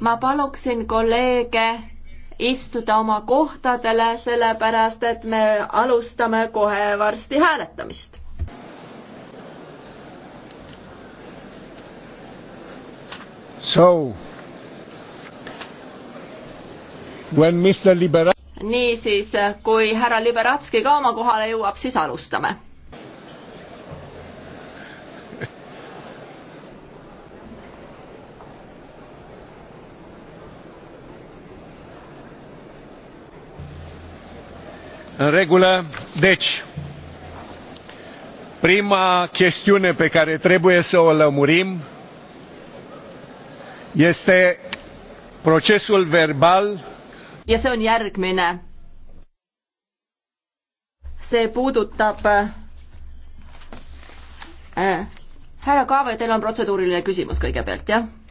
ma paluksin kolleege istuda oma kohtadele, sellepärast et me alustame kohe varsti hääletamist So, niisiis, kui härra Liberatski ka oma kohale jõuab, siis alustame în regulă. Deci, prima chestiune pe care trebuie să o lămurim este procesul verbal. ja see on järgmine. see puudutab äh,. Eh. härra Kaave, teil on protseduuriline küsimus kõigepealt, jah?